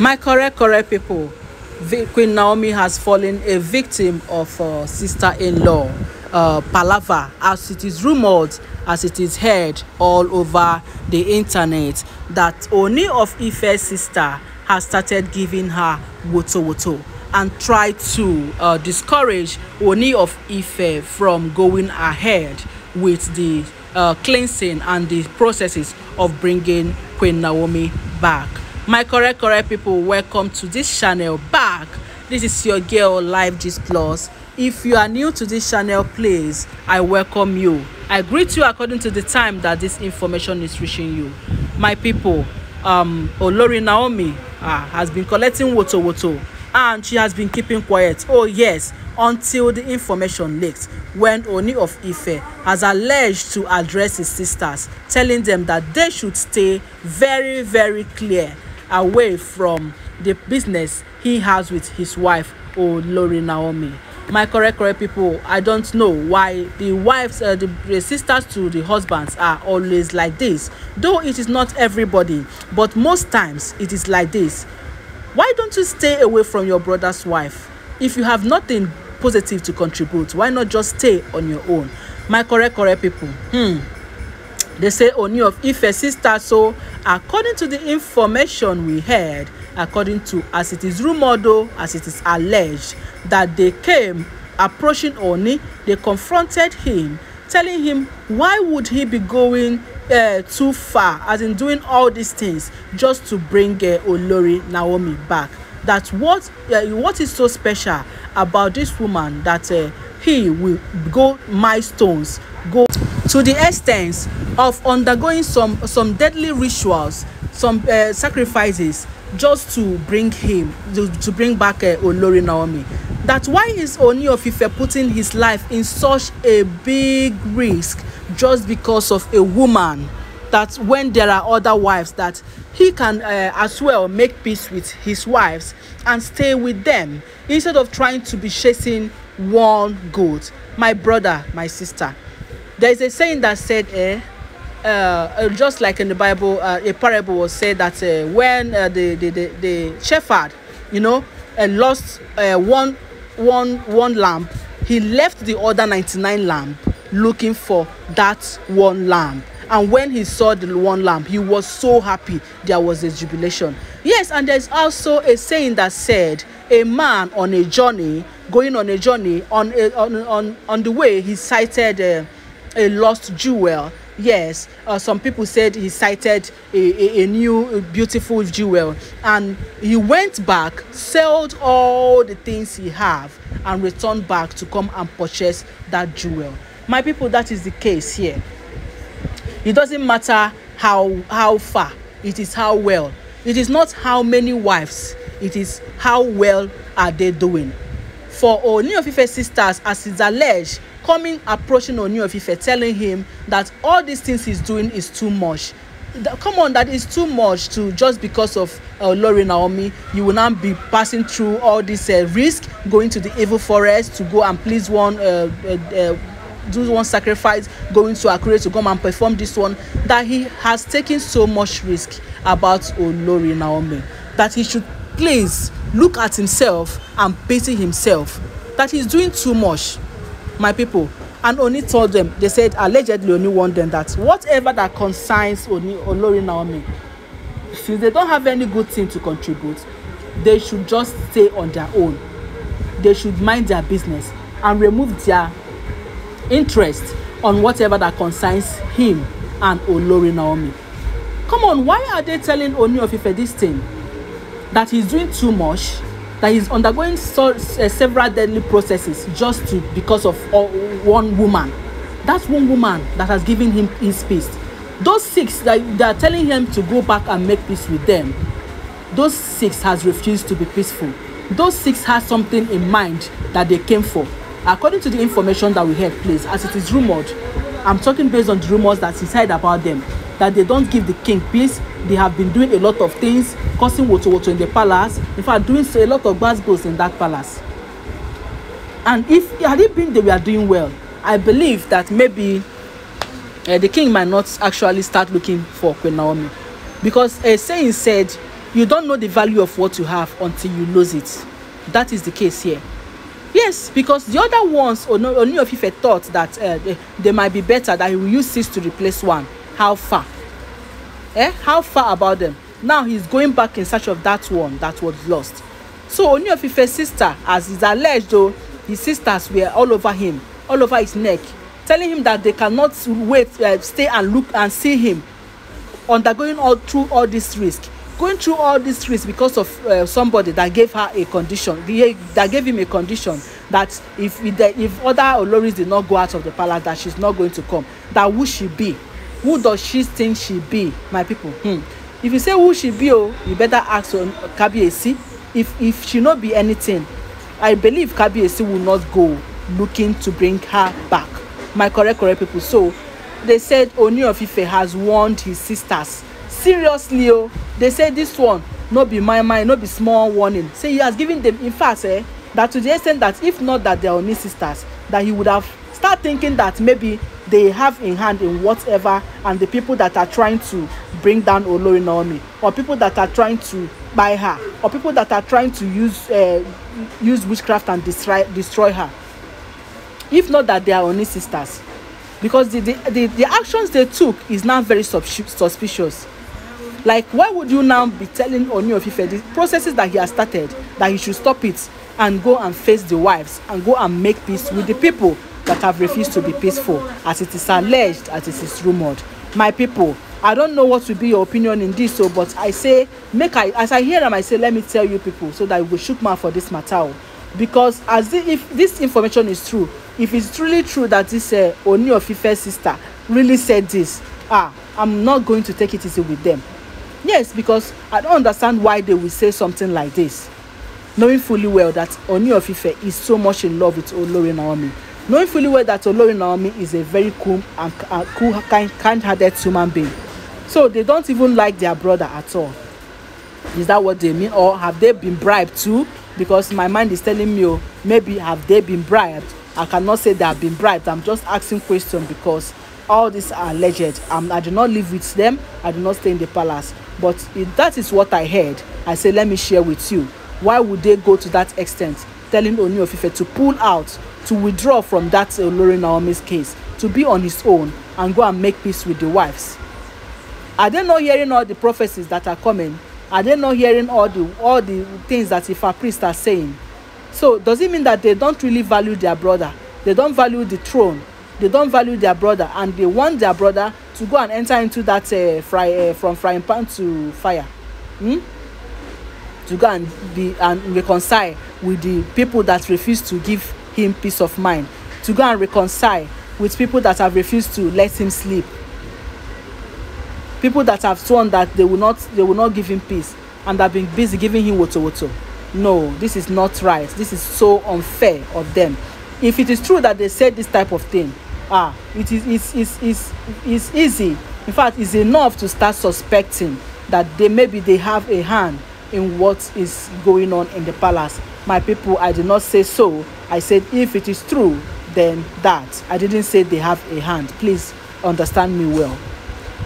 My correct, correct people, Queen Naomi has fallen a victim of uh, sister-in-law uh, palaver as it is rumored, as it is heard all over the internet that Oni of Ife's sister has started giving her woto woto and tried to uh, discourage Oni of Ife from going ahead with the uh, cleansing and the processes of bringing Queen Naomi back my correct correct people welcome to this channel back this is your girl life gist plus if you are new to this channel please i welcome you i greet you according to the time that this information is reaching you my people um olori naomi uh, has been collecting woto woto and she has been keeping quiet oh yes until the information leaked when Oni of Ife has alleged to address his sisters, telling them that they should stay very, very clear away from the business he has with his wife olori naomi my correct correct people i don't know why the wives uh, the, the sisters to the husbands are always like this though it is not everybody but most times it is like this why don't you stay away from your brother's wife if you have nothing positive to contribute why not just stay on your own my correct correct people hmm they say oni of ife sister so according to the information we heard according to as it is rumoured o as it is alleged that they came approaching Oni. they confronted him telling him why would he be going uh, too far as in doing all these things just to bring uh, Olori Naomi back that what uh, what is so special about this woman that uh, he will go milestones go to the extent of undergoing some some deadly rituals some uh, sacrifices just to bring him to, to bring back uh, olori naomi that's why is oni of ife putting his life in such a big risk just because of a woman that when there are other wives that he can uh, as well make peace with his wives and stay with them instead of trying to be chasing one goat my brother my sister there's a saying that said, eh, uh, uh, just like in the Bible, uh, a parable was said that uh, when uh, the, the, the, the, shepherd, you know, uh, lost one, one, one lamb, he left the other 99 lamb looking for that one lamb. And when he saw the one lamb, he was so happy. There was a jubilation. Yes, and there's also a saying that said, a man on a journey, going on a journey, on, a, on, on, on the way, he sighted a lost jewel yes uh, some people said he sighted a, a, a new beautiful jewel and he went back sold all the things he have and returned back to come and purchase that jewel my people that is the case here it doesn't matter how how far it is how well it is not how many wives it is how well are they doing for Ooni of Ife sisters as is alleged coming approaching Oni of Ife telling him that all these things he's doing is too much that, come on that is too much to just because of uh, Lori Naomi you will not be passing through all this uh, risk going to the evil forest to go and please one uh, uh, uh, do one sacrifice going to Akure to come and perform this one that he has taken so much risk about oh, Lori Naomi that he should please look at himself and pity himself that he's doing too much my people and oni told them they said allegedly oni warned them that whatever that concerns oni olori naomi since they don't have any good thing to contribute they should just stay on their own they should mind their business and remove their interest on whatever that concerns him and olori naomi come on why are they telling oni of ife this thing that he's doing too much that is undergoing so, uh, several deadly processes just to because of uh, one woman that's one woman that has given him his peace those six that they are telling him to go back and make peace with them those six has refused to be peaceful those six has something in mind that they came for according to the information that we heard please as it is rumored i'm talking based on the rumors that's inside about them that they don't give the king peace they have been doing a lot of things causing wotowoto in the palace in fact doing a lot of gbasgbos in that palace and if had it been they were doing well i believe that maybe uh, the king might not actually start looking for queen naomi because a saying said you don't know the value of what you have until you lose it that is the case here yes because the other ones ooni of ife thought that uh, they, they might be better that he will use six to replace one how far eh how far about them now he's going back in search of that one that was lost so Ooni of Ife's sister as is alleged o his sisters were all over him all over his neck telling him that they cannot wait uh, stay and look and see him undergoing all through all this risk going through all this risk because of uh, somebody that gave her a condition the, that gave him a condition that if if, the, if other oloris did not go out of the palace that she's not going to come that would she be who does she think she be my people hmm. if you say who she be oh, you better ask your kabiyesi if if she no be anything i believe kabiyesi will not go looking to bring her back my correct correct people so they said oni of has warned his sisters seriously oh, they say this one no be my mind no be small warning say he has given them in fact eh, that to the extent that if not that they are oni sisters that he would have start thinking that maybe they have a hand in whatever and the people that are trying to bring down Olori Naomi or people that are trying to buy her or people that are trying to use uh, use witchcraft and destroy destroy her if not that they are only sisters because the the, the, the actions they took is now very suspicious like why would you now be telling Ooni of the processes that he has started that he should stop it and go and face the wives and go and make peace with the people that have refused to be peaceful, as it is alleged, as it is rumored. My people, I don't know what will be your opinion in this, so but I say, make I as I hear them, I say, let me tell you people so that we will shoot mouth for this matter. Because as the, if this information is true, if it's truly true that this uh, Ooni of Ife sister really said this, ah, I'm not going to take it easy with them. Yes, because I don't understand why they will say something like this, knowing fully well that Oni of is so much in love with Olori Naomi knowing fully well that Olori Naomi is a very cool and uh, cool, kind, kind-hearted human being. So they don't even like their brother at all. Is that what they mean, or have they been bribed too? Because my mind is telling me, oh, maybe have they been bribed? I cannot say they have been bribed. I'm just asking question because all these are alleged. Um, I do not live with them. I do not stay in the palace. But if that is what I heard, I say let me share with you. Why would they go to that extent? telling Oni of to pull out, to withdraw from that Olori Naomi's case, to be on his own and go and make peace with the wives. Are they not hearing all the prophecies that are coming? Are they not hearing all the all the things that Ifa priest are saying? So does it mean that they don't really value their brother? They don't value the throne. They don't value their brother, and they want their brother to go and enter into that uh, fry, uh, from frying pan to fire. Hmm? to go and be and reconcile with the people that refuse to give him peace of mind to go and reconcile with people that have refused to let him sleep people that have sworn that they will not they will not give him peace and have been busy giving him woto woto no this is not right this is so unfair of them if it is true that they said this type of thing ah it is it's it's it's, it's easy in fact it's enough to start suspecting that they maybe they have a hand in what is going on in the palace. My people, I did not say so. I said, if it is true, then that. I didn't say they have a hand. Please understand me well.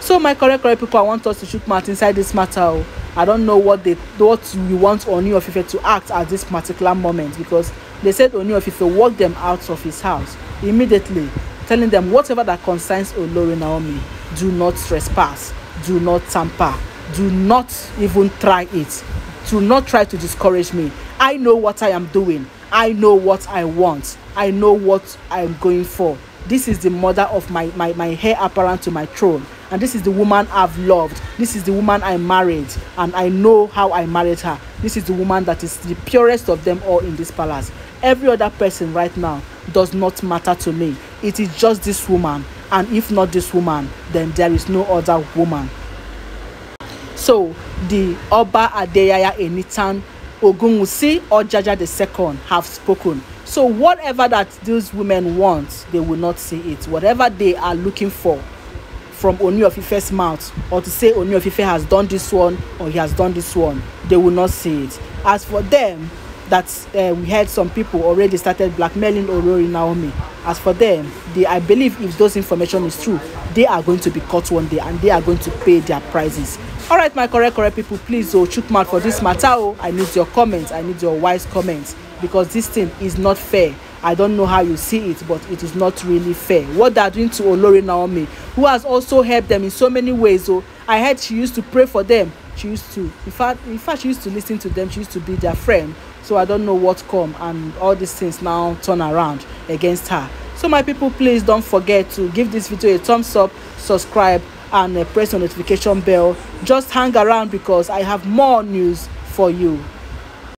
So, my correct, correct people, I want us to shoot mouth inside this matter. Oh. I don't know what they what you want Oni of to act at this particular moment because they said Oni of walked them out of his house immediately, telling them whatever that concerns Olori Naomi, do not trespass, do not tamper, do not even try it do not try to discourage me i know what i am doing i know what i want i know what i am going for this is the mother of my my my heir apparent to my throne and this is the woman i've loved this is the woman i married and i know how i married her this is the woman that is the purest of them all in this palace every other person right now does not matter to me it is just this woman and if not this woman then there is no other woman So the Oba Adeyaya Enitan Ogunwusi Ojaja II have spoken. So whatever that those women want, they will not see it. Whatever they are looking for from Oni of mouth, or to say Oni of has done this one or he has done this one, they will not see it. As for them, that uh, we heard some people already started blackmailing Orori Naomi. As for them, they, I believe if those information is true, they are going to be caught one day and they are going to pay their prices. All right, my correct correct people please oh chook mouth for this matter oh i need your comments i need your wise comments because this thing is not fair I don't know how you see it, but it is not really fair. What they are doing to Olori Naomi, who has also helped them in so many ways. Oh, I heard she used to pray for them. She used to, in fact, in fact, she used to listen to them. She used to be their friend. So I don't know what come and all these things now turn around against her. So my people, please don't forget to give this video a thumbs up, subscribe, and uh, press the notification bell. Just hang around because I have more news for you.